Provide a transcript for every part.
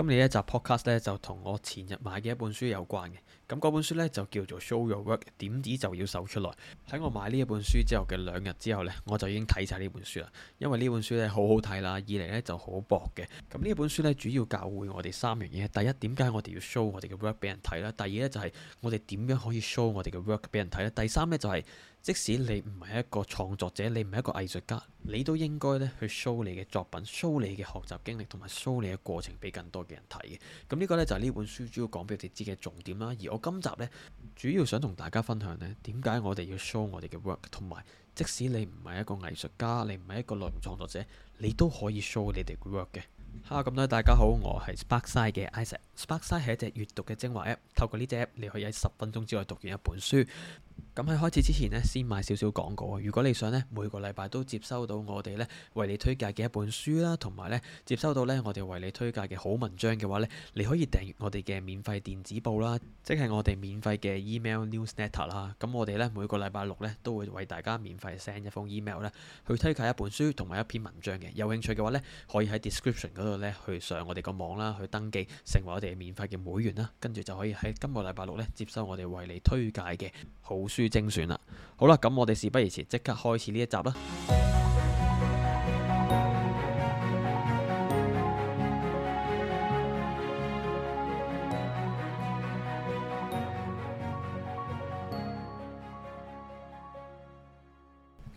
今日呢一集 podcast 咧就同我前日買嘅一本書有關嘅，咁嗰本書咧就叫做 Show Your Work，點子就要秀出來。喺我買呢一本書之後嘅兩日之後咧，我就已經睇晒呢本書啦，因為呢本書咧好好睇啦，二嚟咧就好薄嘅。咁呢本書咧主要教會我哋三樣嘢：第一，點解我哋要 show 我哋嘅 work 俾人睇啦？第二咧就係我哋點樣可以 show 我哋嘅 work 俾人睇咧？第三咧就係。即使你唔係一個創作者，你唔係一個藝術家，你都應該咧去 show 你嘅作品，show 你嘅學習經歷同埋 show 你嘅過程俾更多嘅人睇嘅。咁呢個咧就係呢本書主要講俾你知嘅重點啦。而我今集咧主要想同大家分享呢點解我哋要 show 我哋嘅 work，同埋即使你唔係一個藝術家，你唔係一個內容創作者，你都可以 show 你哋 work 嘅。哈，咁咧大家好，我係 Sparkside 嘅 Isaac。Sparkside 係一隻閱讀嘅精華 app，透過呢隻 app，你可以喺十分鐘之內讀完一本書。咁喺開始之前呢，先買少少廣告啊！如果你想呢每個禮拜都接收到我哋呢為你推介嘅一本書啦，同埋呢接收到呢我哋為你推介嘅好文章嘅話呢，你可以訂閱我哋嘅免費電子報啦，即係我哋免費嘅 email newsletter 啦。咁我哋呢每個禮拜六呢，都會為大家免費 send 一封 email 呢去推介一本書同埋一篇文章嘅。有興趣嘅話呢，可以喺 description 嗰度呢，去上我哋個網啦，去登記成為我哋免費嘅會員啦，跟住就可以喺今個禮拜六呢，接收我哋為你推介嘅好書精選啦，好啦，咁我哋事不宜遲，即刻開始呢一集啦。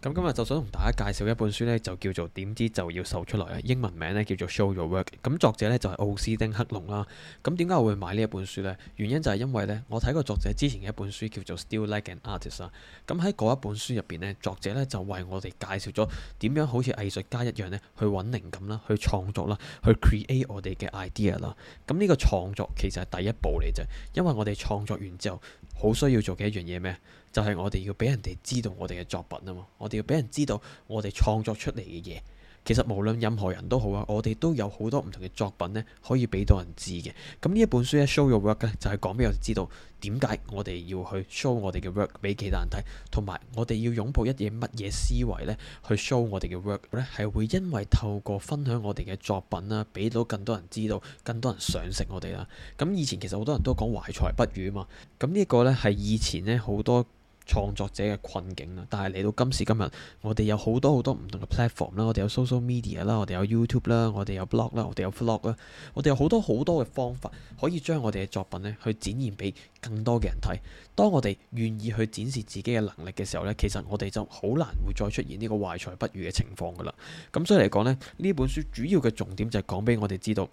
咁今日就想同大家介紹一本書咧，就叫做《點子就要秀出來》啊，英文名咧叫做《Show Your Work》。咁作者咧就係奧斯丁克隆啦。咁點解我會買呢一本書呢？原因就係因為呢，我睇過作者之前嘅一本書叫做《Steal Like an Artist》啦。咁喺嗰一本書入邊呢，作者咧就為我哋介紹咗點樣好似藝術家一樣呢，去搵靈感啦，去創作啦，去 create 我哋嘅 idea 啦。咁、這、呢個創作其實係第一步嚟啫，因為我哋創作完之後，好需要做嘅一樣嘢咩？就係我哋要俾人哋知道我哋嘅作品啊嘛，我哋要俾人知道我哋創作出嚟嘅嘢。其實無論任何人都好啊，我哋都有好多唔同嘅作品呢，可以俾到人知嘅。咁呢一本書咧，Show Your Work 呢，就係講俾我哋知道點解我哋要去 show 我哋嘅 work 俾其他人睇，同埋我哋要擁抱一啲乜嘢思維呢。去 show 我哋嘅 work 呢，係會因為透過分享我哋嘅作品啦，俾到更多人知道，更多人賞識我哋啦。咁以前其實好多人都講懷才不遇啊嘛，咁呢個呢，係以前呢好多。創作者嘅困境啦，但係嚟到今時今日，我哋有好多好多唔同嘅 platform 啦，我哋有 social media 啦，我哋有 YouTube 啦，我哋有 blog 啦，我哋有 vlog 啦，我哋有好多好多嘅方法可以將我哋嘅作品咧去展現俾更多嘅人睇。當我哋願意去展示自己嘅能力嘅時候咧，其實我哋就好難會再出現呢個懷才不遇嘅情況噶啦。咁所以嚟講咧，呢本書主要嘅重點就係講俾我哋知道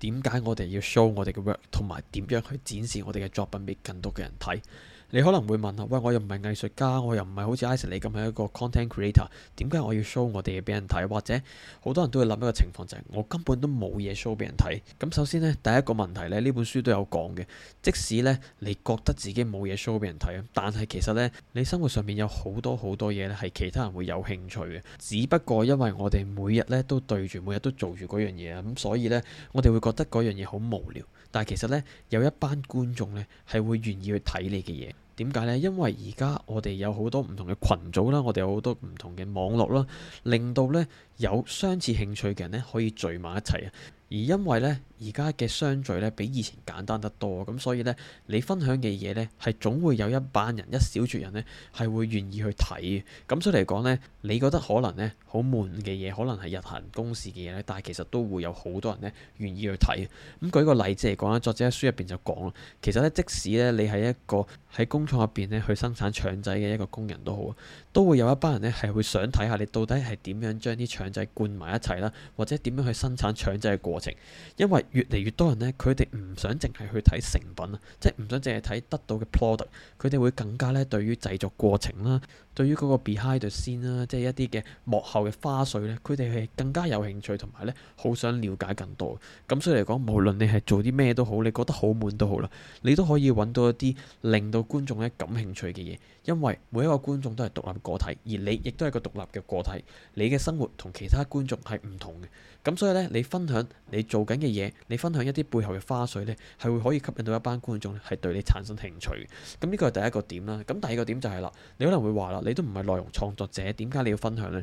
點解我哋要 show 我哋嘅 work，同埋點樣去展示我哋嘅作品俾更多嘅人睇。你可能會問啊，喂，我又唔係藝術家，我又唔係好似 Isaac 咁係一個 content creator，點解我要 show 我哋嘢俾人睇？或者好多人都會諗一個情況就係，我根本都冇嘢 show 俾人睇。咁首先呢，第一個問題呢，呢本書都有講嘅。即使呢你覺得自己冇嘢 show 俾人睇，但係其實呢，你生活上面有好多好多嘢呢係其他人會有興趣嘅。只不過因為我哋每日呢都對住，每日都做住嗰樣嘢啊，咁所以呢，我哋會覺得嗰樣嘢好無聊。但係其實呢，有一班觀眾呢係會願意去睇你嘅嘢。點解呢？因為而家我哋有好多唔同嘅群組啦，我哋有好多唔同嘅網絡啦，令到呢有相似興趣嘅人呢可以聚埋一齊啊！而因為呢，而家嘅相聚呢，比以前簡單得多，咁所以呢，你分享嘅嘢呢，係總會有一班人一小撮人呢，係會願意去睇嘅。咁所以嚟講呢，你覺得可能呢，好悶嘅嘢，可能係日行公事嘅嘢呢，但係其實都會有好多人呢，願意去睇。咁舉個例子嚟講啦，作者喺書入邊就講啦，其實呢，即使呢，你係一個喺工廠入邊呢，去生產腸仔嘅一個工人都好，都會有一班人呢，係會想睇下你到底係點樣將啲腸仔灌埋一齊啦，或者點樣去生產腸仔嘅過。因為越嚟越多人呢，佢哋唔想淨係去睇成品啊，即係唔想淨係睇得到嘅 product，佢哋會更加咧對於製作過程啦，對於嗰個 behind the scene 啦，即係一啲嘅幕後嘅花絮呢，佢哋係更加有興趣同埋咧，好想了解更多。咁所以嚟講，無論你係做啲咩都好，你覺得好悶都好啦，你都可以搵到一啲令到觀眾咧感興趣嘅嘢，因為每一個觀眾都係獨立個體，而你亦都係個獨立嘅個體，你嘅生活同其他觀眾係唔同嘅。咁所以呢，你分享。你做緊嘅嘢，你分享一啲背後嘅花絮呢，係會可以吸引到一班觀眾，係對你產生興趣。咁呢個係第一個點啦。咁第二個點就係啦，你可能會話啦，你都唔係內容創作者，點解你要分享呢？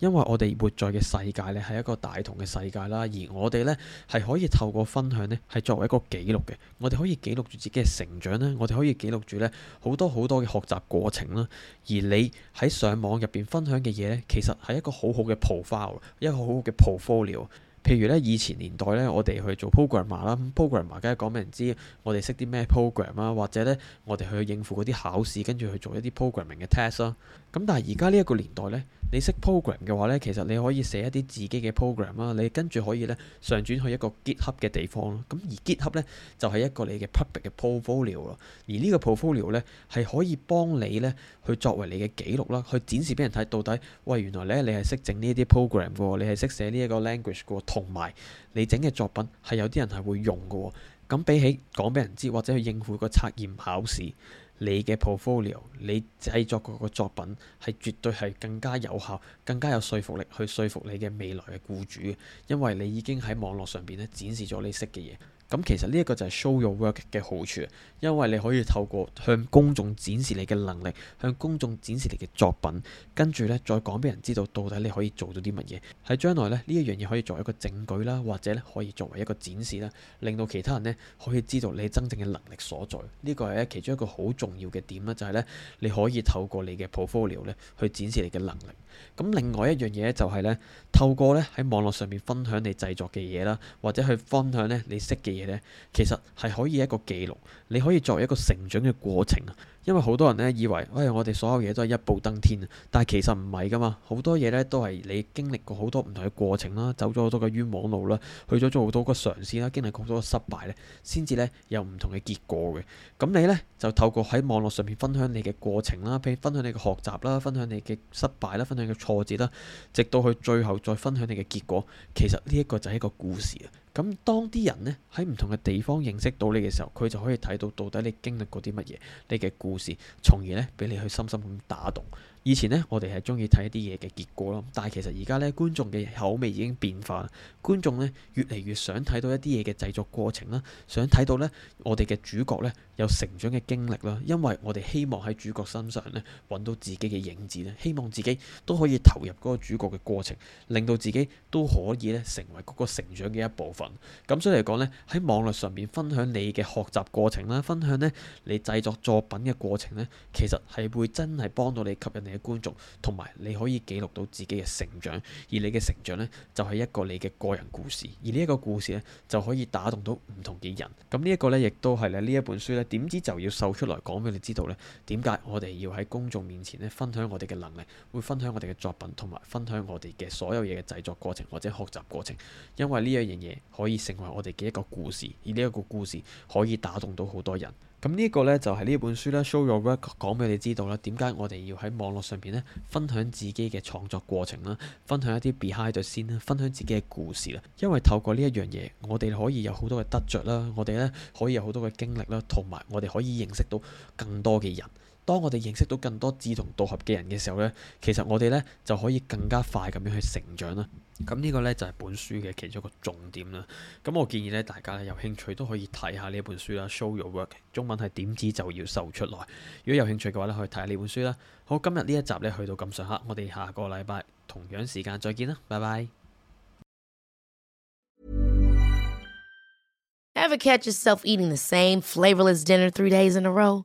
因為我哋活在嘅世界呢，係一個大同嘅世界啦，而我哋呢，係可以透過分享呢，係作為一個記錄嘅。我哋可以記錄住自己嘅成長呢，我哋可以記錄住呢，好多好多嘅學習過程啦。而你喺上網入邊分享嘅嘢呢，其實係一個好好嘅 profile，一個好好嘅 portfolio。譬如咧，以前年代咧，我哋去做 programmer 啦，programmer 梗係講俾人知我哋識啲咩 program 啦，嗯、program program mer，或者咧我哋去應付嗰啲考試，跟住去做一啲 programming 嘅 test 啦。咁但係而家呢一個年代咧，你識 program 嘅話咧，其實你可以寫一啲自己嘅 program 啦，你跟住可以咧上傳去一個 GitHub 嘅地方咯。咁而 GitHub 咧就係、是、一個你嘅 public 嘅 portfolio 咯。而呢個 portfolio 咧係可以幫你咧去作為你嘅記錄啦，去展示俾人睇到底，喂原來咧你係識整呢啲 program 嘅喎，你係識寫呢一個 language 嘅喎。同埋你整嘅作品係有啲人係會用嘅，哦，咁比起講俾人知或者去應付個測驗考試，你嘅 portfolio，你製作嗰個作品係絕對係更加有效，更加有說服力去說服你嘅未來嘅僱主，因為你已經喺網絡上邊咧展示咗你識嘅嘢。咁其實呢一個就係 show your work 嘅好處，因為你可以透過向公眾展示你嘅能力，向公眾展示你嘅作品，跟住呢，再講俾人知道到底你可以做到啲乜嘢。喺將來呢，呢一樣嘢可以作為一個證據啦，或者咧可以作為一個展示啦，令到其他人呢可以知道你真正嘅能力所在。呢個係咧其中一個好重要嘅點啦，就係呢你可以透過你嘅 portfolio 呢去展示你嘅能力。咁另外一樣嘢就係呢透過呢喺網絡上面分享你製作嘅嘢啦，或者去分享呢你識嘅嘢。其實係可以一個記錄，你可以作為一個成長嘅過程啊。因為好多人呢，以為，哎，我哋所有嘢都係一步登天啊。但係其實唔係噶嘛，好多嘢呢，都係你經歷過好多唔同嘅過程啦，走咗好多嘅冤枉路啦，去咗做好多嘅嘗試啦，經歷過好多嘅失敗呢，先至呢，有唔同嘅結果嘅。咁你呢，就透過喺網絡上面分享你嘅過程啦，譬如分享你嘅學習啦，分享你嘅失敗啦，分享你嘅挫折啦，直到去最後再分享你嘅結果。其實呢一個就係一個故事啊。咁當啲人呢，喺唔同嘅地方認識到你嘅時候，佢就可以睇到到底你經歷過啲乜嘢，你嘅故事，從而呢，俾你去深深咁打動。以前呢，我哋係中意睇一啲嘢嘅結果咯。但係其實而家呢，觀眾嘅口味已經變化，觀眾呢，越嚟越想睇到一啲嘢嘅製作過程啦，想睇到呢，我哋嘅主角呢，有成長嘅經歷啦。因為我哋希望喺主角身上呢，揾到自己嘅影子呢，希望自己都可以投入嗰個主角嘅過程，令到自己都可以呢成為嗰個成長嘅一部分。咁所以嚟講呢，喺網絡上面分享你嘅學習過程啦，分享呢你製作作品嘅過程呢，其實係會真係幫到你吸引你。嘅觀眾，同埋你可以記錄到自己嘅成長，而你嘅成長呢，就係一個你嘅個人故事，而呢一個故事呢，就可以打動到唔同嘅人。咁呢一個呢，亦都係咧呢一本書呢，點知就要秀出來講俾你知道呢？點解我哋要喺公眾面前呢分享我哋嘅能力，會分享我哋嘅作品，同埋分享我哋嘅所有嘢嘅製作過程或者學習過程？因為呢樣嘢嘢可以成為我哋嘅一個故事，而呢一個故事可以打動到好多人。咁呢一個呢就係呢本書呢 Show Your Work 講俾你知道啦，點解我哋要喺網絡上邊呢分享自己嘅創作過程啦，分享一啲 behind 先啦，分享自己嘅故事啦，因為透過呢一樣嘢，我哋可以有好多嘅得着啦，我哋呢可以有好多嘅經歷啦，同埋我哋可以認識到更多嘅人。當我哋認識到更多志同道合嘅人嘅時候呢，其實我哋呢就可以更加快咁樣去成長啦。咁呢個呢，就係本書嘅其中一個重點啦。咁我建議呢，大家有興趣都可以睇下呢本書啦，《Show Your Work》中文係點子就要秀出來。如果有興趣嘅話呢，可以睇下呢本書啦。好，今日呢一集呢，去到咁上下，我哋下個禮拜同樣時間再見啦，拜拜。Ever catch yourself eating the same flavorless dinner three days in a row?